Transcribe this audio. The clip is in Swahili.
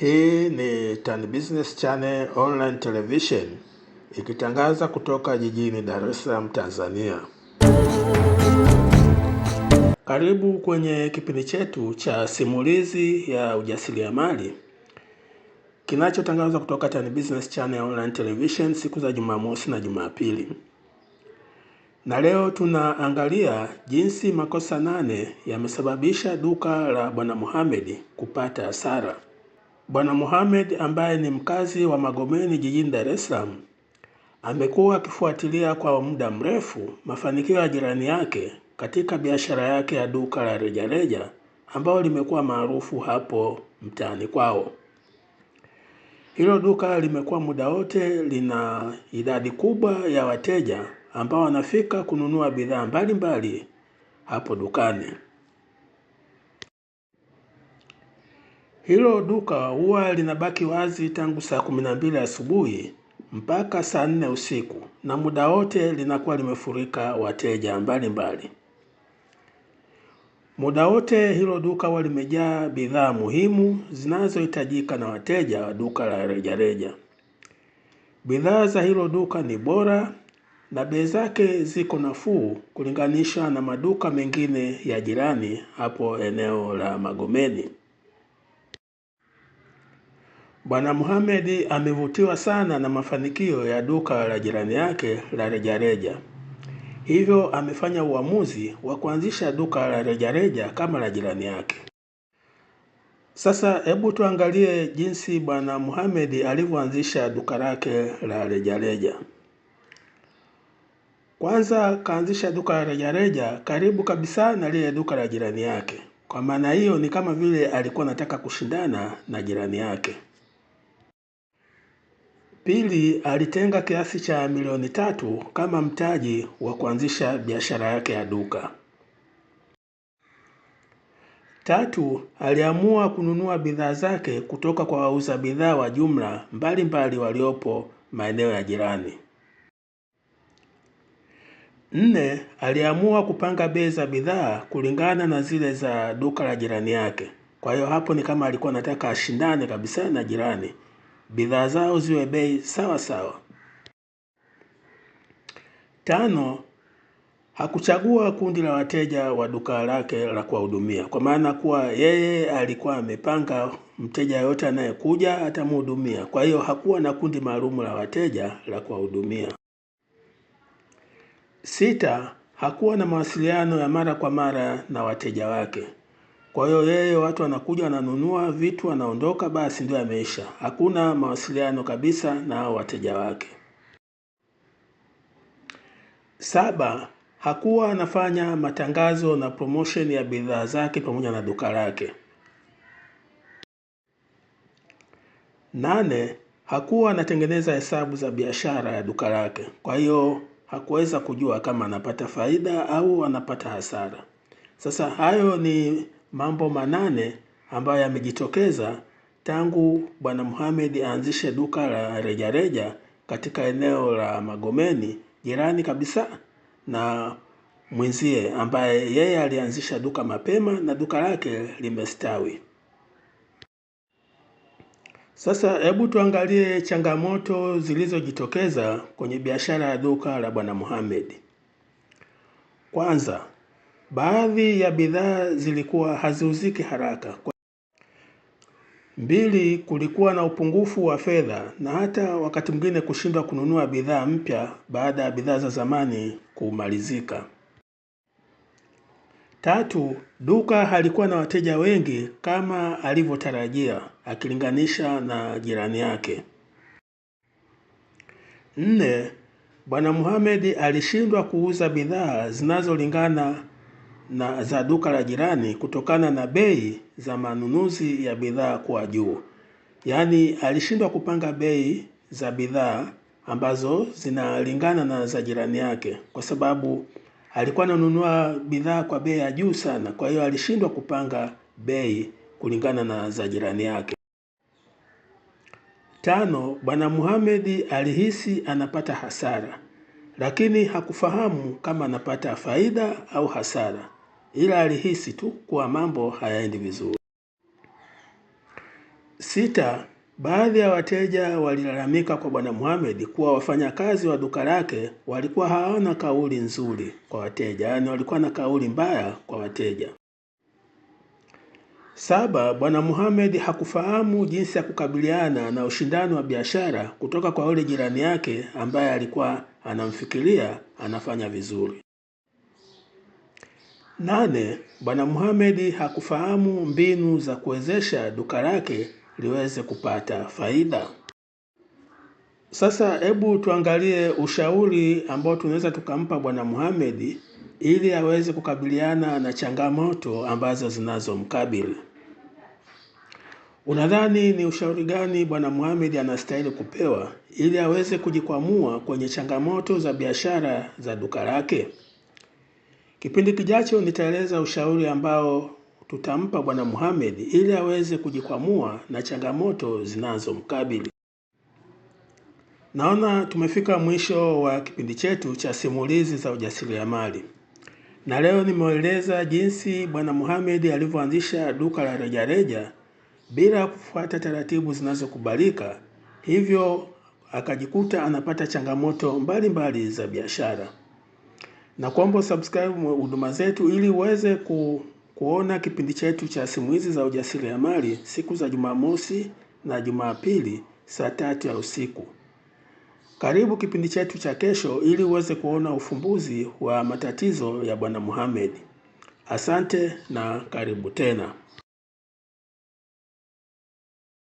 Hii ni Tan Business Channel Online Television ikitangaza kutoka jijini Dar es Salaam, Tanzania. Karibu kwenye kipindi chetu cha simulizi ya ujasiriamali kinachotangazwa kutoka Tan Business Channel Online Television siku za Jumamosi na Jumapili. Na leo tunaangalia jinsi makosa nane yamesababisha duka la Bwana Mohamed kupata hasara. Bwana Mohamed ambaye ni mkazi wa Magomeni jijini Dar es Salaam amekuwa akifuatilia kwa muda mrefu mafanikio ya jirani yake katika biashara yake ya duka la rejareja ambalo limekuwa maarufu hapo mtaani kwao. Hilo duka limekuwa muda wote lina idadi kubwa ya wateja ambao wanafika kununua bidhaa mbalimbali hapo dukani. Hilo duka huwa linabaki wazi tangu saa kumi na mbili asubuhi mpaka saa nne usiku na muda wote linakuwa limefurika wateja mbalimbali. Muda wote hilo duka huwa limejaa bidhaa muhimu zinazohitajika na wateja wa duka la rejareja. Bidhaa za hilo duka ni bora na bei zake ziko nafuu kulinganisha na maduka mengine ya jirani hapo eneo la Magomeni. Bwana muhamedi amevutiwa sana na mafanikio ya duka la jirani yake la rejareja, hivyo amefanya uamuzi wa kuanzisha duka la rejareja kama la jirani yake. Sasa hebu tuangalie jinsi Bwana muhamedi alivyoanzisha duka lake la rejareja. Kwanza kaanzisha duka la rejareja karibu kabisa na lile duka la jirani yake. Kwa maana hiyo ni kama vile alikuwa anataka kushindana na jirani yake. Pili, alitenga kiasi cha milioni tatu kama mtaji wa kuanzisha biashara yake ya duka. Tatu, aliamua kununua bidhaa zake kutoka kwa wauza bidhaa wa jumla mbalimbali waliopo maeneo ya jirani. Nne, aliamua kupanga bei za bidhaa kulingana na zile za duka la jirani yake. Kwa hiyo hapo ni kama alikuwa anataka ashindane kabisa na jirani bidhaa zao ziwe bei sawa sawa. Tano, hakuchagua kundi la wateja wa duka lake la kuwahudumia, kwa maana kuwa yeye alikuwa amepanga mteja yoyote anayekuja atamhudumia. Kwa hiyo hakuwa na kundi maalum la wateja la kuwahudumia. Sita, hakuwa na mawasiliano ya mara kwa mara na wateja wake, kwa hiyo yeye, watu wanakuja wananunua vitu wanaondoka, basi ndio ameisha, hakuna mawasiliano kabisa na wateja wake. Saba, hakuwa anafanya matangazo na promotion ya bidhaa zake pamoja na duka lake. Nane, hakuwa anatengeneza hesabu za biashara ya duka lake, kwa hiyo hakuweza kujua kama anapata faida au anapata hasara. Sasa hayo ni mambo manane ambayo yamejitokeza tangu Bwana Mohamed aanzishe duka la rejareja katika eneo la Magomeni jirani kabisa na mwenzie ambaye yeye alianzisha duka mapema na duka lake limestawi. Sasa hebu tuangalie changamoto zilizojitokeza kwenye biashara ya duka la Bwana Mohamed. Kwanza, Baadhi ya bidhaa zilikuwa haziuziki haraka. Mbili, kulikuwa na upungufu wa fedha na hata wakati mwingine kushindwa kununua bidhaa mpya baada ya bidhaa za zamani kumalizika. Tatu, duka halikuwa na wateja wengi kama alivyotarajia akilinganisha na jirani yake. Nne, Bwana muhamedi alishindwa kuuza bidhaa zinazolingana na za duka la jirani kutokana na bei za manunuzi ya bidhaa kuwa juu, yaani alishindwa kupanga bei za bidhaa ambazo zinalingana na za jirani yake, kwa sababu alikuwa ananunua bidhaa kwa bei ya juu sana. Kwa hiyo alishindwa kupanga bei kulingana na za jirani yake. Tano, Bwana Muhamedi alihisi anapata hasara, lakini hakufahamu kama anapata faida au hasara ila alihisi tu kuwa mambo hayaendi vizuri. Sita, baadhi ya wateja walilalamika kwa Bwana Mohamed kuwa wafanyakazi wa duka lake walikuwa hawana kauli nzuri kwa wateja, yaani walikuwa na kauli mbaya kwa wateja. Saba, Bwana Mohamed hakufahamu jinsi ya kukabiliana na ushindani wa biashara kutoka kwa yule jirani yake ambaye alikuwa anamfikiria anafanya vizuri. Nane, Bwana Mohamed hakufahamu mbinu za kuwezesha duka lake liweze kupata faida. Sasa hebu tuangalie ushauri ambao tunaweza tukampa Bwana Mohamed ili aweze kukabiliana na changamoto ambazo zinazomkabili. Unadhani ni ushauri gani Bwana Mohamed anastahili kupewa ili aweze kujikwamua kwenye changamoto za biashara za duka lake? Kipindi kijacho nitaeleza ushauri ambao tutampa Bwana Muhammad ili aweze kujikwamua na changamoto zinazomkabili. Naona tumefika mwisho wa kipindi chetu cha simulizi za ujasiriamali, na leo nimeeleza jinsi Bwana Muhammad alivyoanzisha duka la rejareja bila kufuata taratibu zinazokubalika, hivyo akajikuta anapata changamoto mbalimbali mbali za biashara na kwamba subscribe huduma zetu ili uweze ku, kuona kipindi chetu cha hizi za ujasiriamali siku za Jumamosi na Jumapili saa tatu ya usiku. Karibu kipindi chetu cha kesho ili uweze kuona ufumbuzi wa matatizo ya Bwana Muhammad. Asante na karibu tena.